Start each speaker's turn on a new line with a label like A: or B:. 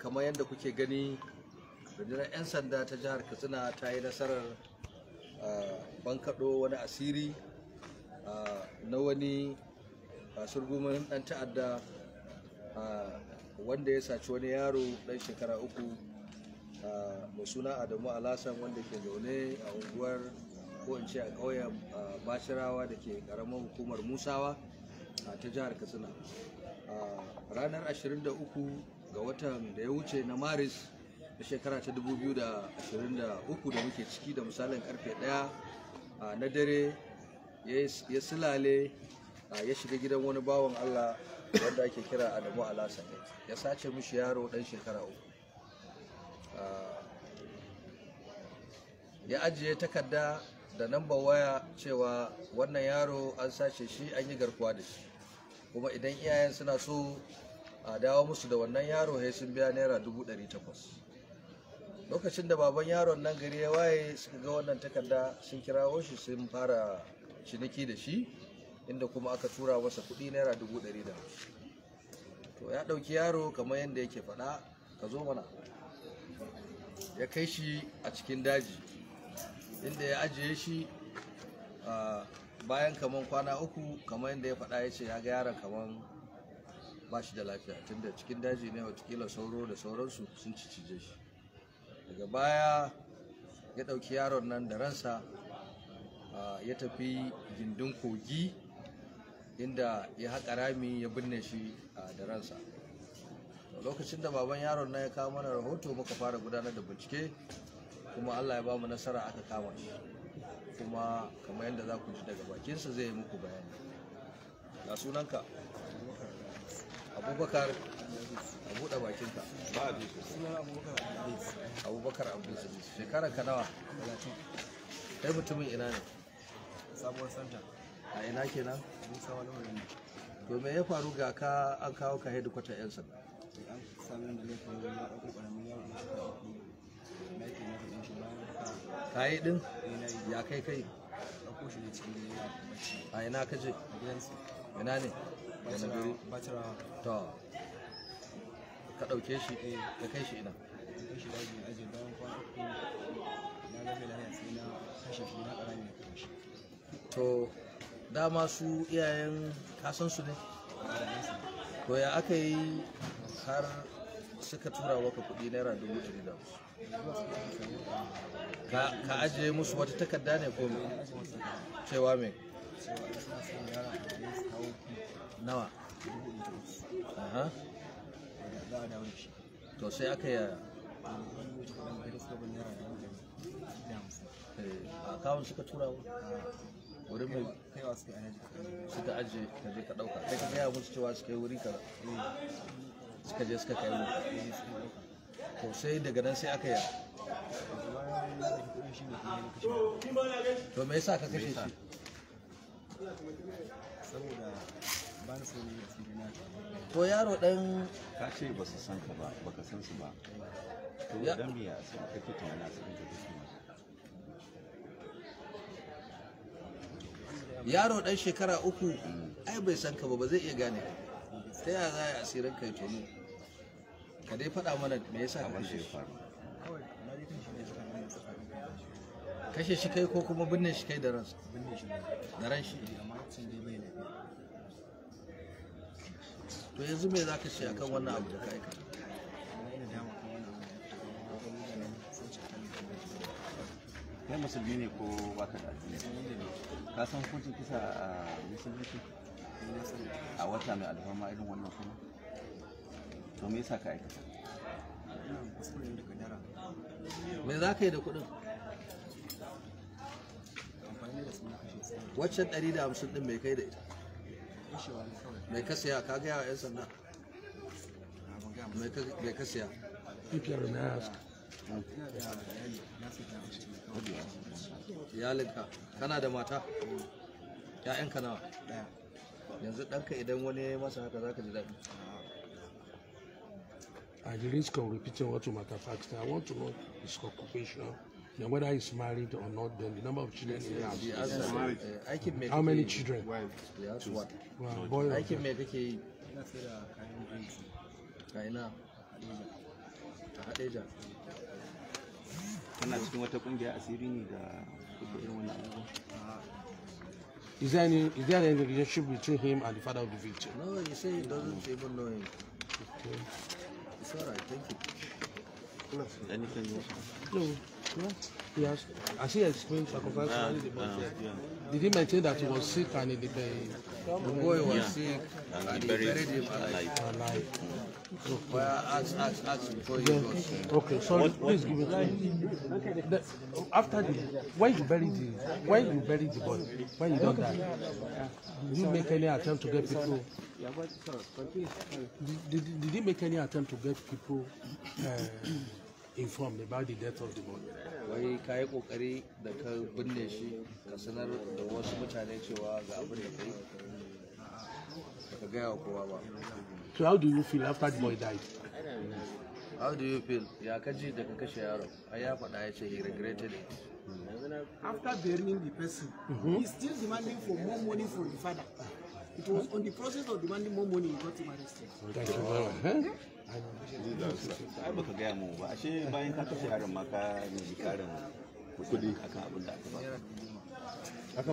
A: kamar yadda kuke gani rundunar 'yan sanda ta jihar katsina ta yi nasarar bankaɗo wani asiri na wani surgumin ɗan ta'adda wanda ya saci wani yaro ɗan shekara uku mai suna adamu alasan wanda ke zaune a unguwar ko in ce a ƙauyen bashirawa da ke ƙaramin hukumar musawa ta jihar katsina ranar 23 ga watan da ya wuce na maris na shekara ta 2023 da muke ciki da misalin karfe 1 na dare ya silale ya shiga gidan wani bawan allah wanda ake kira adamu alasa ya sace mishi yaro dan shekara uku ya ajiye takarda da namba waya cewa wannan yaro an sace shi an yi garkuwa da shi kuma idan iyayen suna so a dawo musu da wannan yaro ya sun biya naira dubu ɗari takwas lokacin da baban yaron nan gari ya waye suka ga wannan takarda sun kirawo shi sun fara ciniki da shi inda kuma aka tura masa kuɗi naira dubu ɗari da to ya ɗauki yaro kamar yadda yake faɗa ka zo mana ya kai shi a cikin daji inda ya ajiye shi bayan kamar kwana uku kamar yadda ya faɗa ya ce ya ga yaron kamar ba shi da lafiya tunda cikin daji ne watakila sauro da sauransu sun cicije shi daga baya ya ɗauki yaron nan da ransa ya tafi gindin kogi inda ya haƙa rami ya binne shi da ransa lokacin da baban yaron na ya kawo mana rahoto muka fara gudanar da bincike kuma allah ya ba mu nasara aka kama shi kuma kamar yadda za ku ji daga bakinsa zai yi muku bayani ga sunanka abubakar a buɗe bakinka abubakar abdulsa shekara ka nawa kai mutumin ina ne sabuwar santa a ina kenan musa wani wani to me ya faru ga ka an kawo ka kwata yan sanda eh, an ya ɗin ya kai kai a kushe ne cikin a ina ka je a ina ne yanagari to ka ɗauke shi eh. ka kai shi ina to dama su iyayen kasansu ne to ya aka yi har suka tura maka kudi naira dubu ɗari da ka ajiye musu wata takarda ne ko cewa mai cewa an sun yara a kawo nawa aha za a dawo da shi to sai aka yi eh, a kawon suka tura wurin mai kaiwa suka suka ajiye ka je ka ɗauka kai ka gaya musu cewa suka yi wuri ka suka je suka kai wuri to sai daga nan sai aka yi to me yasa ka kashe shi saboda ba na sauri da su to yaro dan ka ce ba su san ka ba ba ka san su ba to dan biya su kake tunani a cikin kake yaro dan shekara uku mm. ai bai san ka ba ba zai iya gane ta yaya za a yi asirin kai tono ka dai faɗa mana me yasa ka kashe faru kashe shi kai ko kuma binne shi kai da ransa binne shi da ran shi amma sun dai bai to yanzu me za ka ce akan wannan abu da ka aika kai musulmi ne ko baka da ka san hukuncin kisa a musulunci a wata mai alfarma irin wannan kuma to me yasa ka aikata me za ka yi da kuɗin waccan hamsin ɗin mai kai da ita mai ka siya ka gaya wa 'yan sanda mai ka siya iyalinka kana da mata ya'yanka nawa yanzu ɗanka idan wani ya yi masa haka za ka ji daɗi I risk of repeating what my father I want to know his occupation, Then whether he's married or not, then the number of children he has. Yes, yes. How many children? Wife. boy. I can make a Is there any is there any relationship between him and the father of the victim? No, he say he doesn't mm. even know him. Okay. It's alright, thank you. Anything you want? No. Yeah, he has. As he explained, sacrifice uh, the uh, yeah. Did he mention that he was sick and the, the boy was yeah. sick and, and he buried him alive? alive. So mm. Okay. Well, as, as, as before he yeah. was sick. Uh, okay, sorry, what, what, please give it to me. The, after the, when you bury the, when you bury the boy? when you don't die, did you make any attempt to get people? Did, did, did he make any attempt to get people? Uh, informed about the death of the boy. Wai ka yi kokari da ka binne shi ka sanar da wasu mutane cewa ga abin da yi ka gaya wa kowa ba. So how do you feel after the boy died? How do you feel? Ya kaji da ka kashe yaro? Ai ya faɗa ya ce he regretted it. After burying the person, mm -hmm. he's still demanding for more money for the father. It was on the process of demanding more money he got him arrested. Thank you very much. Ai baka